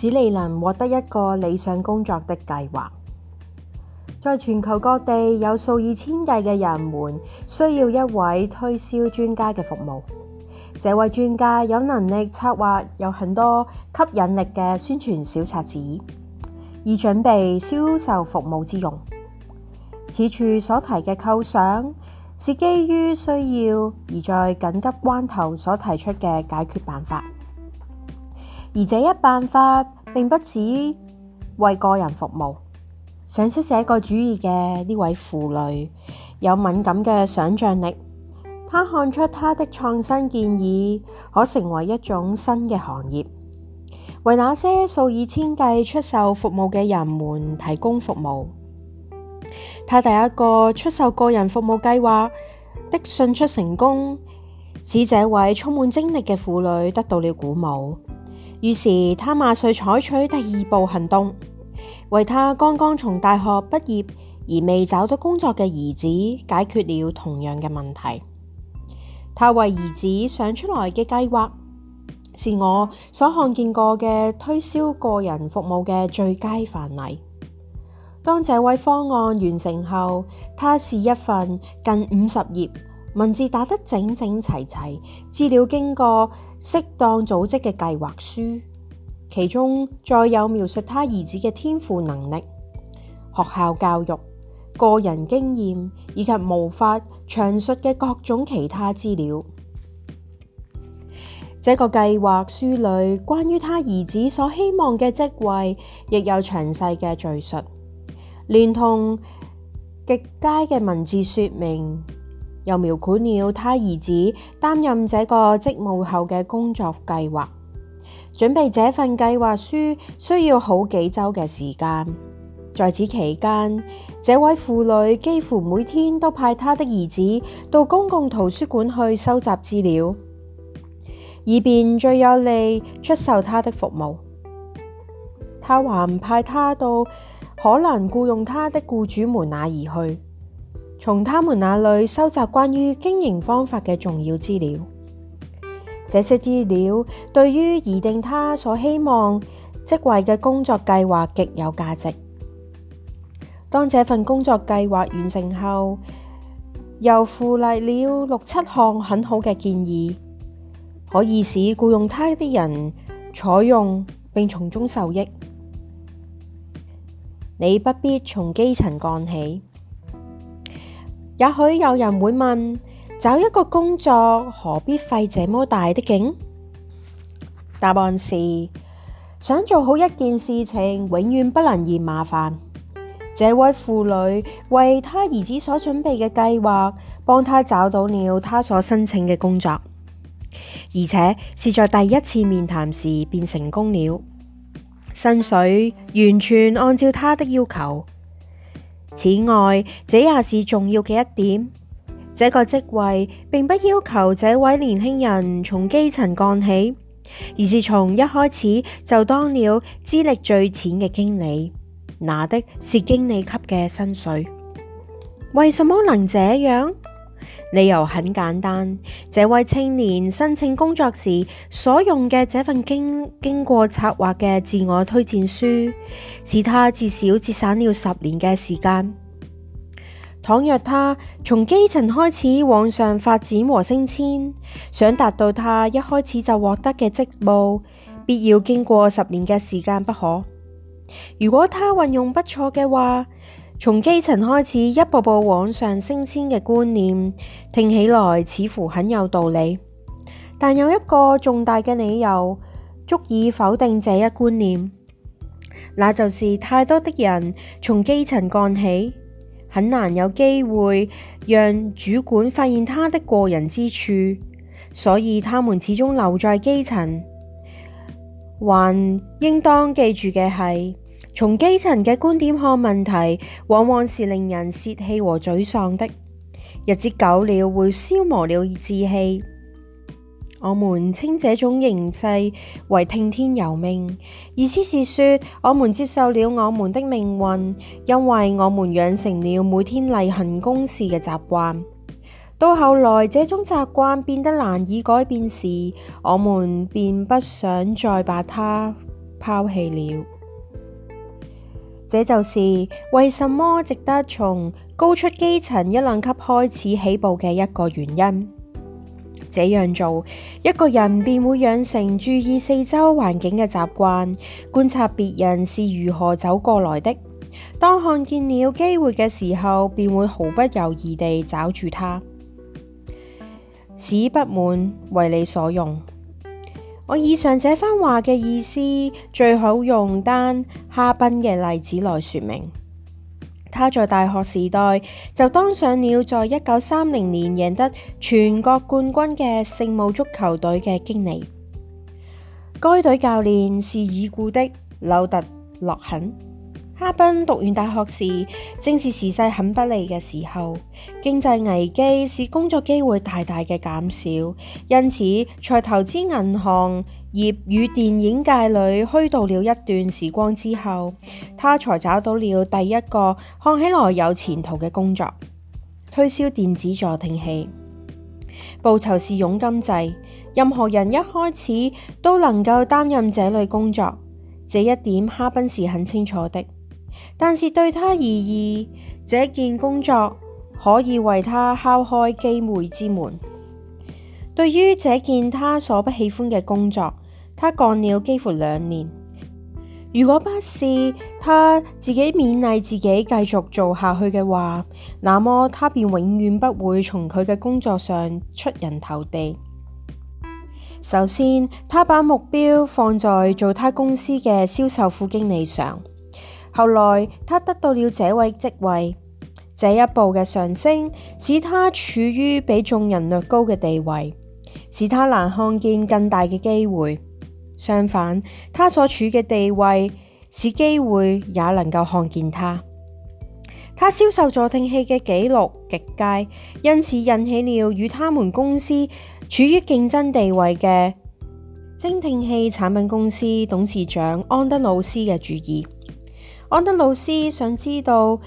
使你能獲得一個理想工作的計劃。在全球各地，有數以千計嘅人們需要一位推銷專家嘅服務。這位專家有能力策劃有很多吸引力嘅宣傳小冊子，以準備銷售服務之用。此處所提嘅構想是基於需要而在緊急關頭所提出嘅解決辦法。而這一辦法並不止為個人服務。想出這個主意嘅呢位婦女有敏感嘅想象力，她看出她的創新建議可成為一種新嘅行業，為那些數以千計出售服務嘅人們提供服務。她第一個出售個人服務計劃的迅速成功，使這位充滿精力嘅婦女得到了鼓舞。於是他馬上採取第二步行動，為他剛剛從大學畢業而未找到工作嘅兒子解決了同樣嘅問題。他為兒子想出來嘅計劃，是我所看見過嘅推銷個人服務嘅最佳範例。當這位方案完成後，他是一份近五十頁。文字打得整整齊齊，資料經過適當組織嘅計劃書，其中再有描述他兒子嘅天賦能力、學校教育、個人經驗以及無法詳述嘅各種其他資料。這個計劃書裏關於他兒子所希望嘅職位，亦有詳細嘅敘述，連同極佳嘅文字說明。又描繪了他兒子擔任這個職務後嘅工作計劃。準備這份計劃書需要好幾週嘅時間，在此期間，這位婦女幾乎每天都派她的兒子到公共圖書館去收集資料，以便最有利出售她的服務。她還派他到可能僱用他的僱主們那兒去。從他們那裏收集關於經營方法嘅重要資料，這些資料對於擬定他所希望職位嘅工作計劃極有價值。當這份工作計劃完成後，又附嚟了六七項很好嘅建議，可以使僱用他啲人採用並從中受益。你不必從基層幹起。也許有人會問：找一個工作，何必費這麼大的勁？答案是：想做好一件事情，永遠不能嫌麻煩。這位婦女為她兒子所準備嘅計劃，幫她找到了她所申請嘅工作，而且是在第一次面談時便成功了。薪水完全按照她的要求。此外，這也是重要嘅一點。這個職位並不要求這位年輕人從基層幹起，而是從一開始就當了資歷最淺嘅經理，拿的是經理級嘅薪水。為什麼能這樣？理由很簡單，這位青年申請工作時所用嘅這份經經過策劃嘅自我推薦書，使他至少節省了十年嘅時間。倘若他從基層開始往上發展和升遷，想達到他一開始就獲得嘅職務，必要經過十年嘅時間不可。如果他運用不錯嘅話，從基層開始，一步步往上升遷嘅觀念，聽起來似乎很有道理。但有一個重大嘅理由足以否定這一觀念，那就是太多的人從基層幹起，很難有機會讓主管發現他的過人之處，所以他們始終留在基層。還應當記住嘅係。從基層嘅觀點看問題，往往是令人泄氣和沮喪的。日子久了，會消磨了志氣。我們稱這種形勢為聽天由命，意思是說，我們接受了我們的命運，因為我們養成了每天例行公事嘅習慣。到後來，這種習慣變得難以改變時，我們便不想再把它拋棄了。這就是為什麼值得從高出基層一兩級開始起步嘅一個原因。這樣做，一個人便會養成注意四周環境嘅習慣，觀察別人是如何走過來的。當看見了機會嘅時候，便會毫不猶豫地抓住他，使不滿為你所用。我以上這番話嘅意思，最好用丹哈賓嘅例子來説明。他在大學時代就當上了在一九三零年贏得全國冠軍嘅聖母足球隊嘅經理。該隊教練是已故的柳特洛肯。哈賓讀完大學時，正是時勢很不利嘅時候，經濟危機使工作機會大大嘅減少。因此，在投資銀行業與電影界裏虛度了一段時光之後，他才找到了第一個看起來有前途嘅工作——推銷電子助聽器。報酬是佣金制，任何人一開始都能夠擔任這類工作，這一點哈賓是很清楚的。但是對他而言，這件工作可以為他敲開機會之門。對於這件他所不喜歡嘅工作，他幹了幾乎兩年。如果不是他自己勉勵自己繼續做下去嘅話，那麼他便永遠不會從佢嘅工作上出人頭地。首先，他把目標放在做他公司嘅銷售副經理上。後來他得到了這位職位，這一步嘅上升使他處於比眾人略高嘅地位，使他難看見更大嘅機會。相反，他所處嘅地位使機會也能夠看見他。他銷售助聽器嘅紀錄極佳，因此引起了與他們公司處於競爭地位嘅精聽器產品公司董事長安德魯斯嘅注意。安德魯斯想知道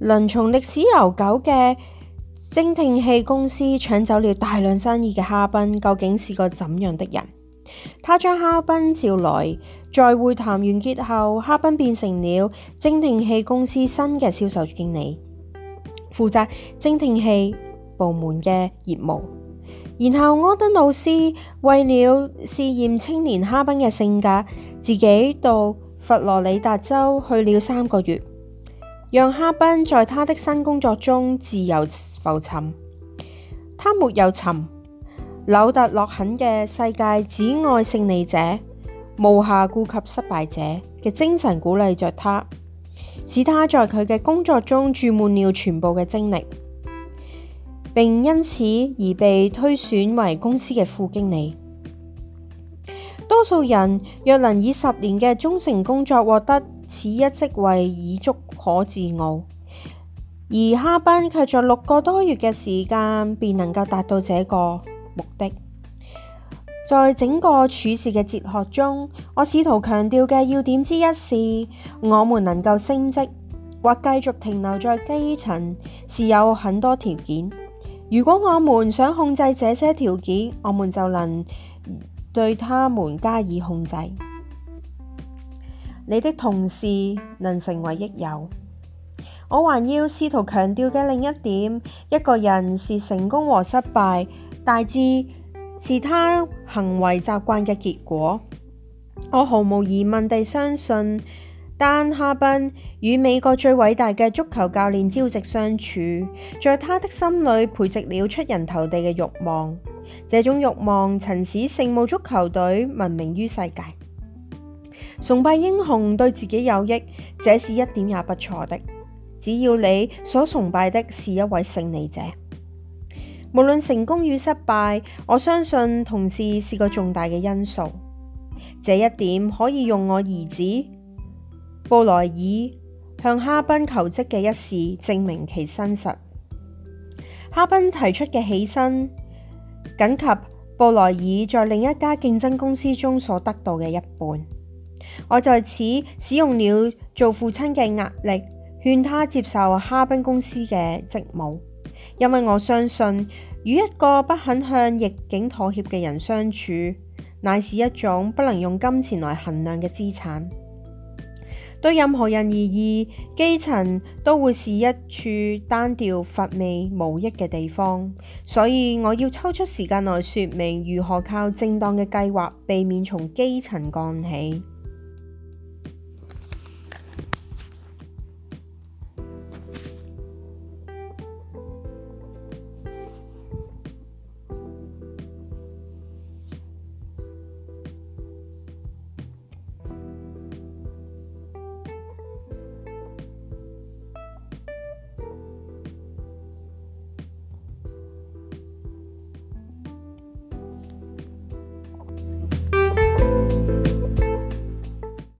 能從歷史悠久嘅蒸聽器公司搶走了大量生意嘅哈賓究竟是個怎樣的人？他將哈賓召來，在會談完結後，哈賓變成了蒸聽器公司新嘅銷售經理，負責蒸聽器部門嘅業務。然後安德魯斯為了試驗青年哈賓嘅性格，自己到佛羅里達州去了三個月，讓哈濱在他的新工作中自由浮沉。他沒有沉。紐特洛肯嘅世界只愛勝利者，無暇顧及失敗者嘅精神鼓勵着他，使他在佢嘅工作中注滿了全部嘅精力，並因此而被推選為公司嘅副經理。多數人若能以十年嘅忠誠工作獲得此一職位已足可自傲，而哈班卻在六個多月嘅時間便能夠達到這個目的。在整個處事嘅哲學中，我試圖強調嘅要點之一是，我們能夠升職或繼續停留在基層是有很多條件。如果我們想控制這些條件，我們就能。對他們加以控制。你的同事能成為益友。我還要試圖強調嘅另一點：一個人是成功和失敗，大致是他行為習慣嘅結果。我毫無疑問地相信，丹哈賓與美國最偉大嘅足球教練朝夕相處，在他的心裏培植了出人頭地嘅欲望。這種欲望曾使聖母足球隊聞名於世界。崇拜英雄對自己有益，這是一點也不錯的。只要你所崇拜的是一位勝利者，無論成功與失敗，我相信同事是個重大嘅因素。這一點可以用我兒子布萊爾向哈賓求職嘅一事證明其真實。哈賓提出嘅起薪。緊及布萊爾在另一家競爭公司中所得到嘅一半。我在此使用了做父親嘅壓力，勸他接受哈賓公司嘅職務，因為我相信，與一個不肯向逆境妥協嘅人相處，乃是一種不能用金錢來衡量嘅資產。對任何人而言，基層都會是一處單調乏味、無益嘅地方，所以我要抽出時間來說明如何靠正當嘅計劃，避免從基層幹起。